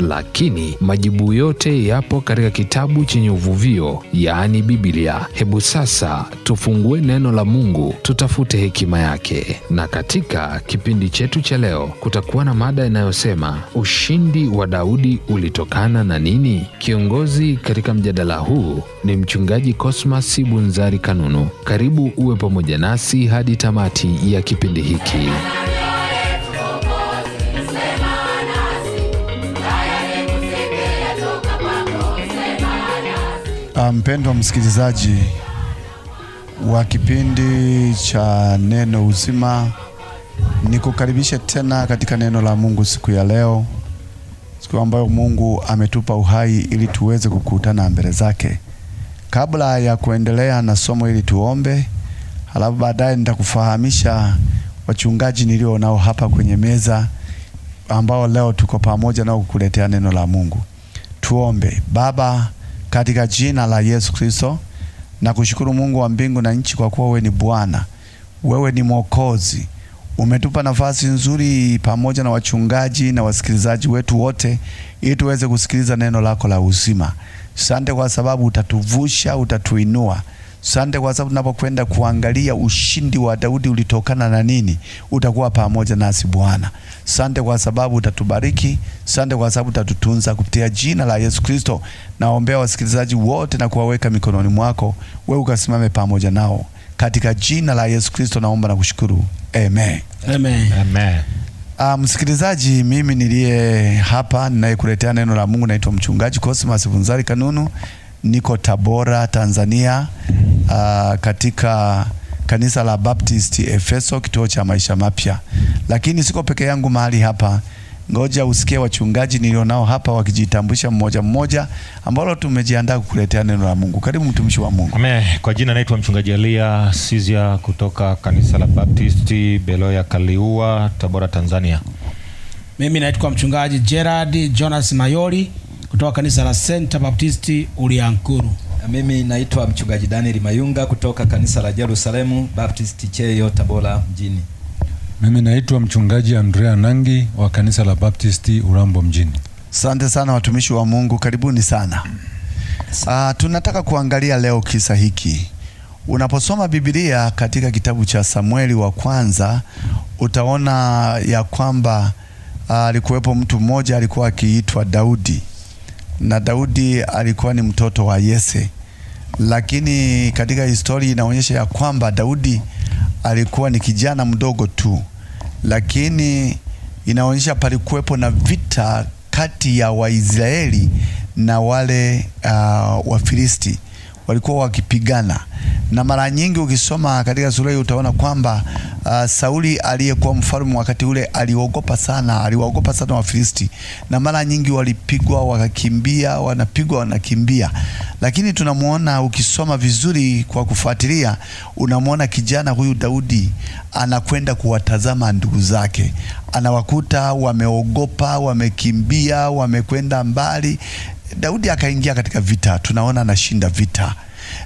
lakini majibu yote yapo katika kitabu chenye uvuvio, yaani Biblia. Hebu sasa tufungue neno la Mungu, tutafute hekima yake. Na katika kipindi chetu cha leo kutakuwa na mada inayosema ushindi wa Daudi ulitokana na nini? Kiongozi katika mjadala huu ni mchungaji Cosmas Bunzari Kanunu. Karibu uwe pamoja nasi hadi tamati ya kipindi hiki. Ah, mpendwa msikilizaji wa kipindi cha Neno Uzima, nikukaribishe tena katika neno la Mungu siku ya leo, siku ambayo Mungu ametupa uhai ili tuweze kukutana mbele zake. Kabla ya kuendelea na somo ili tuombe, halafu baadaye nitakufahamisha wachungaji nilio nao hapa kwenye meza ambao leo tuko pamoja nao kukuletea neno la Mungu. Tuombe. Baba katika jina la Yesu Kristo. Na kushukuru Mungu wa mbingu na nchi, kwa kuwa wewe ni Bwana, wewe ni Mwokozi. Umetupa nafasi nzuri pamoja na wachungaji na wasikilizaji wetu wote, ili tuweze kusikiliza neno lako la uzima. Sante kwa sababu utatuvusha, utatuinua Sande, kwa sababu tunapokwenda kuangalia ushindi wa Daudi ulitokana na nini, utakuwa pamoja nasi Bwana. Sande kwa sababu utatubariki, sande kwa sababu utatutunza kupitia jina la Yesu Kristo. Naombea wasikilizaji wote na kuwaweka mikononi mwako, wewe ukasimame pamoja nao katika jina la Yesu Kristo, naomba na kushukuru Amen. Amen. Amen. Uh, msikilizaji, mimi niliye hapa ninayekuletea neno la Mungu naitwa mchungaji Cosmas Vunzari Kanunu, niko Tabora, Tanzania uh, katika kanisa la Baptist Efeso, kituo cha maisha mapya. Lakini siko peke yangu mahali hapa, ngoja usikie wachungaji nilionao hapa wakijitambulisha mmoja mmoja, ambalo tumejiandaa kukuletea neno la Mungu. Karibu mtumishi wa Mungu. Amen. Kwa jina naitwa mchungaji Elia Sizia kutoka kanisa la Baptist Beloya Kaliua, Tabora, Tanzania. Mimi naitwa mchungaji Gerard Jonas Mayori kutoka kanisa la Center Baptist Uliankuru. Eh, mimi naitwa mchungaji Daniel Mayunga kutoka kanisa la Jerusalemu Baptist Cheyo Tabora mjini. Mimi naitwa mchungaji Andrea Nangi wa kanisa la Baptisti Urambo mjini. Asante sana watumishi wa Mungu, karibuni sana. Aa, ah, tunataka kuangalia leo kisa hiki. Unaposoma Biblia katika kitabu cha Samueli wa kwanza utaona ya kwamba ah, alikuwepo mtu mmoja alikuwa akiitwa Daudi na Daudi alikuwa ni mtoto wa Yese, lakini katika historia inaonyesha ya kwamba Daudi alikuwa ni kijana mdogo tu, lakini inaonyesha palikuwepo na vita kati ya Waisraeli na wale uh, Wafilisti walikuwa wakipigana, na mara nyingi ukisoma katika sura hii utaona kwamba uh, Sauli aliyekuwa mfalme wakati ule aliogopa sana, aliwaogopa sana Wafilisti, na mara nyingi walipigwa wakakimbia, wanapigwa wanakimbia. Lakini tunamwona ukisoma vizuri kwa kufuatilia, unamwona kijana huyu Daudi anakwenda kuwatazama ndugu zake, anawakuta wameogopa, wamekimbia, wamekwenda mbali. Daudi akaingia katika vita, tunaona anashinda vita.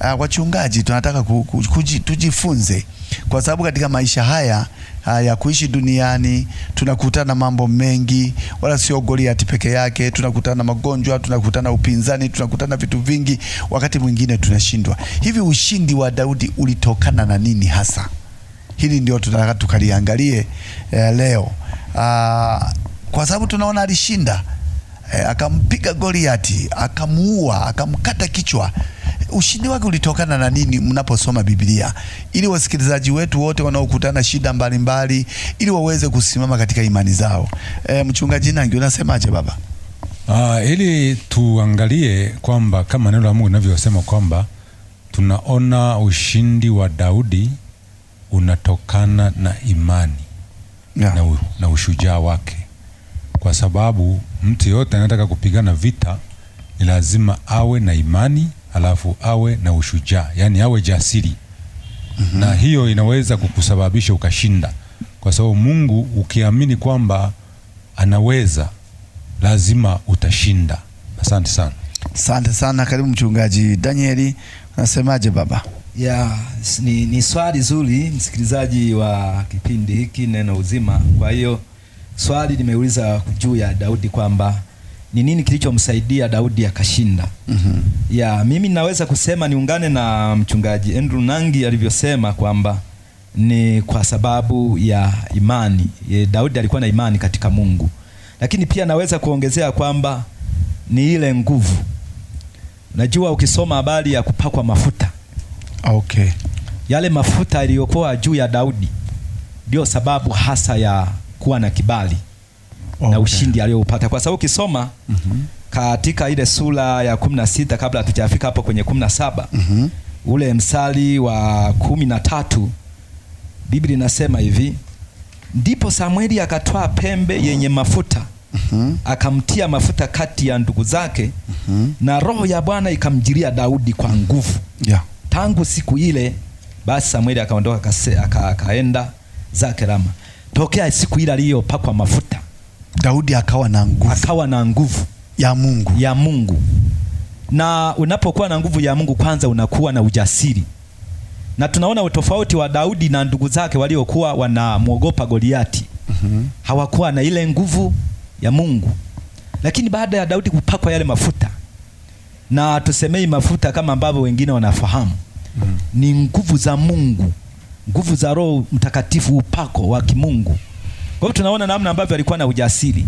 Uh, wachungaji tunataka ku, ku, kuji, tujifunze kwa sababu katika maisha haya ah, ya kuishi duniani tunakutana na mambo mengi, wala sio Goliati peke yake. Tunakutana na magonjwa, tunakutana na upinzani, tunakutana na vitu vingi, wakati mwingine tunashindwa. Hivi ushindi wa Daudi ulitokana na nini hasa? Hili ndio tunataka tukaliangalie eh, leo ah, kwa sababu tunaona alishinda eh, akampiga Goliati, akamuua, akamkata kichwa ushindi wake ulitokana na nini mnaposoma Biblia, ili wasikilizaji wetu wote wanaokutana shida mbalimbali mbali, ili waweze kusimama katika imani zao. E, mchungaji Nangi, unasemaje baba? Ah, ili tuangalie kwamba kama neno la Mungu linavyosema kwamba tunaona ushindi wa Daudi unatokana na imani yeah, na, na ushujaa wake, kwa sababu mtu yote anataka kupigana vita ni lazima awe na imani alafu awe na ushujaa, yani awe jasiri mm -hmm. na hiyo inaweza kukusababisha ukashinda, kwa sababu Mungu ukiamini kwamba anaweza, lazima utashinda. Asante sana. Asante sana, karibu mchungaji Danieli, unasemaje baba? Ya, ni, ni swali zuri msikilizaji wa kipindi hiki neno uzima. Kwa hiyo swali limeuliza juu ya Daudi kwamba ni nini kilichomsaidia Daudi akashinda? mm -hmm. Ya, mimi naweza kusema niungane na mchungaji Andrew Nangi alivyosema kwamba ni kwa sababu ya imani. Ye, Daudi alikuwa na imani katika Mungu, lakini pia naweza kuongezea kwamba ni ile nguvu. Najua ukisoma habari ya kupakwa mafuta okay. Yale mafuta yaliyokuwa juu ya Daudi ndio sababu hasa ya kuwa na kibali Oh, okay. na ushindi aliyoupata kwa sababu ukisoma mm -hmm. katika ile sura ya kumi na sita kabla hatujafika hapo kwenye kumi na saba mm -hmm. ule msali wa kumi na tatu Biblia inasema hivi, ndipo Samweli akatwaa pembe yenye mafuta mm -hmm. akamtia mafuta kati ya ndugu zake mm -hmm. na roho ya Bwana ikamjiria Daudi kwa nguvu yeah. tangu siku ile basi Samueli akaondoka akaenda zake Rama. Tokea siku ile aliyopakwa mafuta Daudi akawa na nguvu, akawa na nguvu ya Mungu, ya Mungu. Na unapokuwa na nguvu ya Mungu, kwanza unakuwa na ujasiri, na tunaona utofauti wa Daudi na ndugu zake waliokuwa wanamwogopa Goliati. mm -hmm. Hawakuwa na ile nguvu ya Mungu, lakini baada ya Daudi kupakwa yale mafuta, na tusemei mafuta kama ambavyo wengine wanafahamu mm -hmm. ni nguvu za Mungu, nguvu za Roho Mtakatifu, upako wa kimungu kwa hiyo tunaona namna ambavyo alikuwa na ujasiri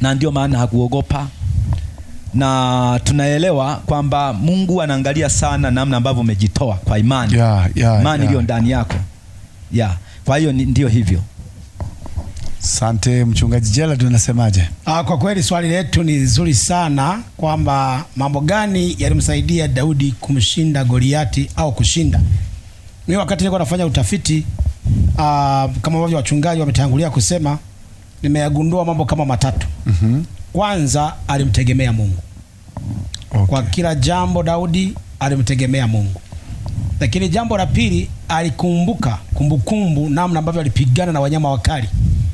na ndio maana hakuogopa, na tunaelewa kwamba Mungu anaangalia sana namna ambavyo umejitoa kwa imani, yeah, yeah, imani iliyo yeah, ndani yako yeah. Kwa hiyo ndio hivyo. Sante mchungaji Jela, tunasemaje? Ah, kwa kweli swali letu ni zuri sana kwamba mambo gani yalimsaidia Daudi kumshinda Goliati au kushinda. Mimi wakati nilikuwa nafanya utafiti uh, kama ambavyo wachungaji wametangulia kusema, nimeyagundua mambo kama matatu. mm -hmm. Kwanza alimtegemea Mungu. okay. Kwa kila jambo Daudi alimtegemea Mungu, lakini jambo la pili alikumbuka kumbukumbu, namna ambavyo alipigana na wanyama wakali.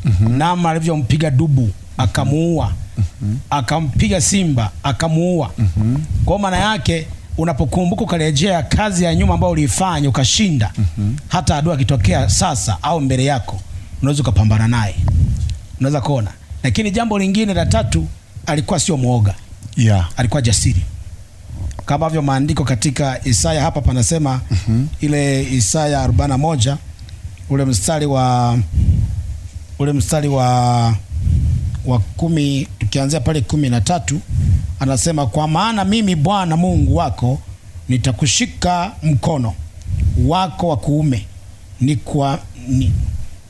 mm -hmm. Namna alivyompiga dubu akamuua. mm -hmm. Akampiga simba akamuua. mm -hmm. Kwa maana yake unapokumbuka ukarejea kazi ya nyuma ambayo uliifanya ukashinda, mm -hmm. hata adui akitokea sasa au mbele yako unaweza ukapambana naye, unaweza kuona. Lakini jambo lingine la tatu, alikuwa sio mwoga yeah. alikuwa jasiri kama ambavyo maandiko katika Isaya hapa panasema mm -hmm. ile Isaya 41 ule mstari wa ule mstari wa wa kumi tukianzia pale kumi na tatu anasema, kwa maana mimi Bwana Mungu wako nitakushika mkono wako wa kuume nikikuambia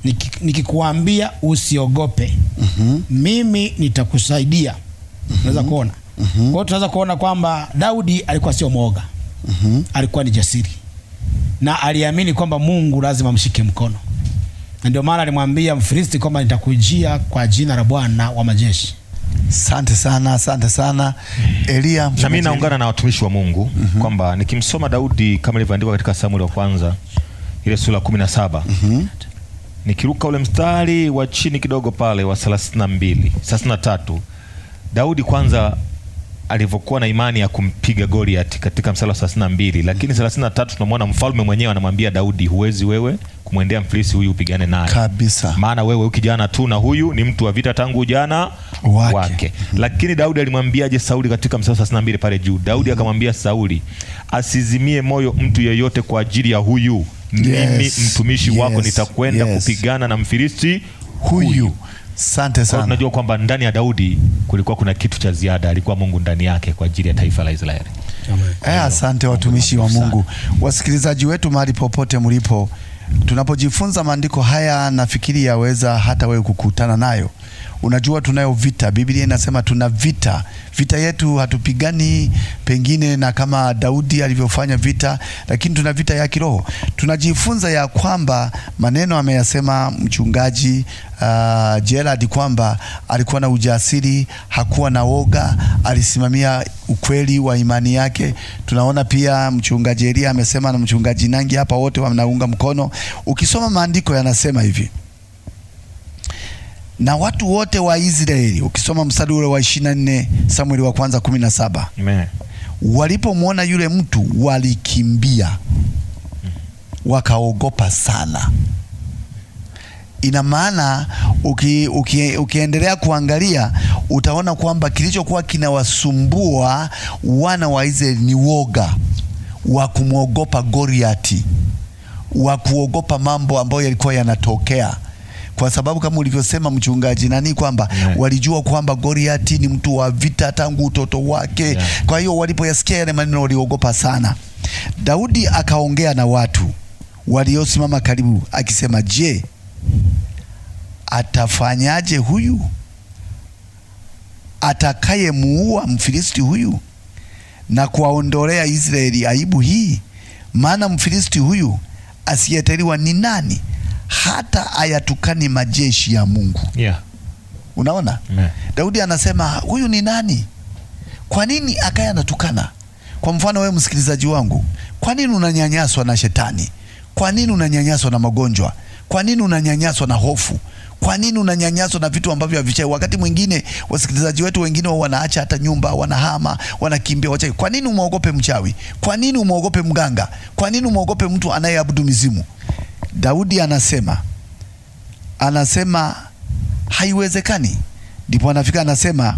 ni, niki usiogope. mm -hmm. Mimi nitakusaidia. mm -hmm. Unaweza kuona. mm -hmm. Kwa hiyo tunaweza kuona kwamba Daudi alikuwa sio mwoga. mm -hmm. Alikuwa ni jasiri na aliamini kwamba Mungu lazima amshike mkono, na ndio maana alimwambia Mfilisti kwamba nitakujia kwa jina la Bwana wa majeshi. Sante sana, sante sana Elia. Na mimi naungana na watumishi wa Mungu mm -hmm. kwamba nikimsoma Daudi kama ilivyoandikwa katika Samueli wa kwanza ile sura kumi na saba mm -hmm. nikiruka ule mstari wa chini kidogo pale wa thelathini na mbili thelathini na tatu Daudi kwanza alivyokuwa na imani ya kumpiga Goliath katika mstari wa 32, lakini 33 tunamwona mfalme mwenyewe anamwambia Daudi, huwezi wewe kumwendea mfilisi huyu upigane naye kabisa, maana wewe ukijana tu na huyu ni mtu wa vita tangu ujana wake, wake. Lakini Daudi alimwambiaje Sauli katika mstari wa 32 pale juu? Daudi akamwambia Sauli, asizimie moyo mtu yeyote kwa ajili ya huyu mimi, yes, mtumishi yes, wako nitakwenda yes, kupigana na Mfilisti huyu, huyu sante sana. Tunajua kwamba ndani ya Daudi kulikuwa kuna kitu cha ziada, alikuwa Mungu ndani yake kwa ajili ya taifa la Israeli. Eh, asante watumishi wa Mungu, wasikilizaji wetu mahali popote mlipo, tunapojifunza maandiko haya, nafikiri yaweza hata wewe kukutana nayo Unajua tunayo vita. Biblia inasema tuna vita. Vita yetu hatupigani pengine na kama Daudi alivyofanya vita, lakini tuna vita ya kiroho. Tunajifunza ya kwamba maneno ameyasema mchungaji uh, Gerald kwamba alikuwa na ujasiri, hakuwa na woga, alisimamia ukweli wa imani yake. Tunaona pia mchungaji Elia amesema na mchungaji Nangi hapa, wote wanaunga mkono. Ukisoma maandiko yanasema hivi na watu wote wa Israeli. Ukisoma mstari ule wa 24 Samueli wa kwanza 17, amen. Walipomwona yule mtu walikimbia, wakaogopa sana. Ina maana uki, uki, ukiendelea kuangalia utaona kwamba kilichokuwa kinawasumbua wana wa Israeli ni woga wa kumwogopa Goliati, wa kuogopa mambo ambayo yalikuwa yanatokea kwa sababu kama ulivyosema mchungaji nani kwamba yeah. walijua kwamba Goliati ni mtu wa vita tangu utoto wake yeah. kwa hiyo walipoyasikia yale maneno waliogopa sana. Daudi akaongea na watu waliosimama karibu akisema, je, atafanyaje huyu atakayemuua Mfilisti huyu na kuwaondolea Israeli aibu hii? Maana Mfilisti huyu asiyeteliwa ni nani hata ayatukani majeshi ya Mungu yeah. Unaona yeah. Daudi anasema huyu ni nani? Kwa nini akaya anatukana? Kwa mfano wewe msikilizaji wangu, kwa nini unanyanyaswa na shetani? Kwa nini unanyanyaswa na magonjwa? Kwa nini unanyanyaswa na hofu? Kwa nini unanyanyaswa na vitu ambavyo havichai? Wakati mwingine wasikilizaji wetu wengine wanaacha hata nyumba, wanahama, wanakimbia wachawi. Kwa nini umwogope mchawi? Kwa nini umwogope mganga? Kwa nini umwogope mtu anayeabudu mizimu? Daudi anasema anasema haiwezekani. Ndipo anafika anasema,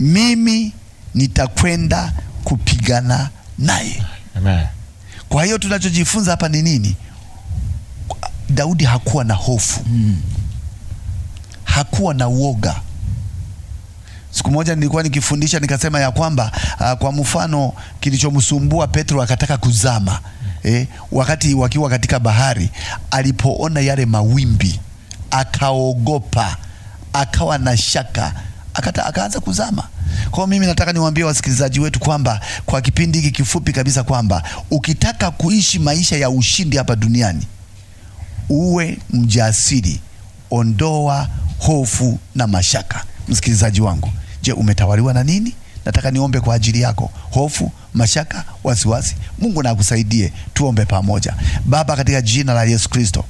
mimi nitakwenda kupigana naye. Kwa hiyo tunachojifunza hapa ni nini? Daudi hakuwa na hofu mm. hakuwa na uoga. Siku moja nilikuwa nikifundisha nikasema ya kwamba uh, kwa mfano kilichomsumbua Petro akataka kuzama eh, wakati wakiwa katika bahari alipoona yale mawimbi akaogopa, akawa na shaka, akata akaanza kuzama. Kwa mimi nataka niwaambie wasikilizaji wetu kwamba kwa kipindi hiki kifupi kabisa kwamba ukitaka kuishi maisha ya ushindi hapa duniani uwe mjasiri, ondoa hofu na mashaka. Msikilizaji wangu, je, umetawaliwa na nini? nataka niombe kwa ajili yako, hofu, mashaka, wasiwasi. Mungu na Tuombe pamoja. Baba, katika jina la Yesu Kristo,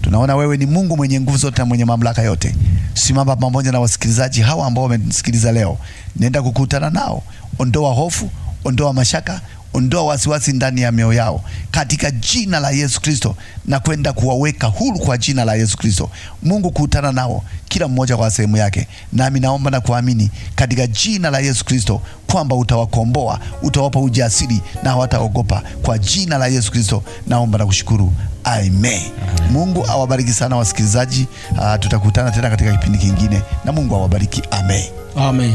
tunaona wewe ni Mungu mwenye nguvu zote na mwenye mamlaka yote. Simama pamoja na wasikilizaji hawa ambao wamenisikiliza leo, nenda kukutana nao, ondoa hofu, ondoa mashaka Ondoa wasiwasi ndani ya mioyo yao katika jina la Yesu Kristo, na kwenda kuwaweka huru kwa jina la Yesu Kristo. Mungu kutana nao kila mmoja kwa sehemu yake, nami naomba na kuamini katika jina la Yesu Kristo kwamba utawakomboa, utawapa ujasiri na hawataogopa kwa jina la Yesu Kristo. Naomba na kushukuru. Amen. Mungu awabariki sana wasikilizaji. Uh, tutakutana tena katika kipindi kingine, na Mungu awabariki. Amen. Amen.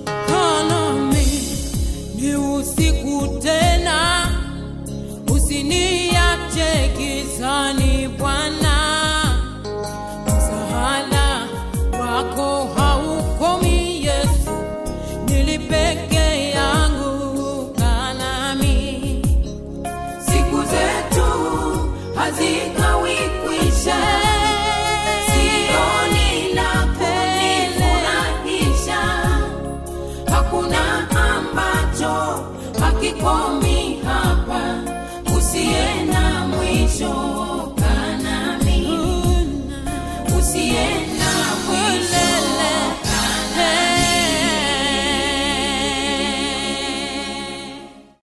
Azita.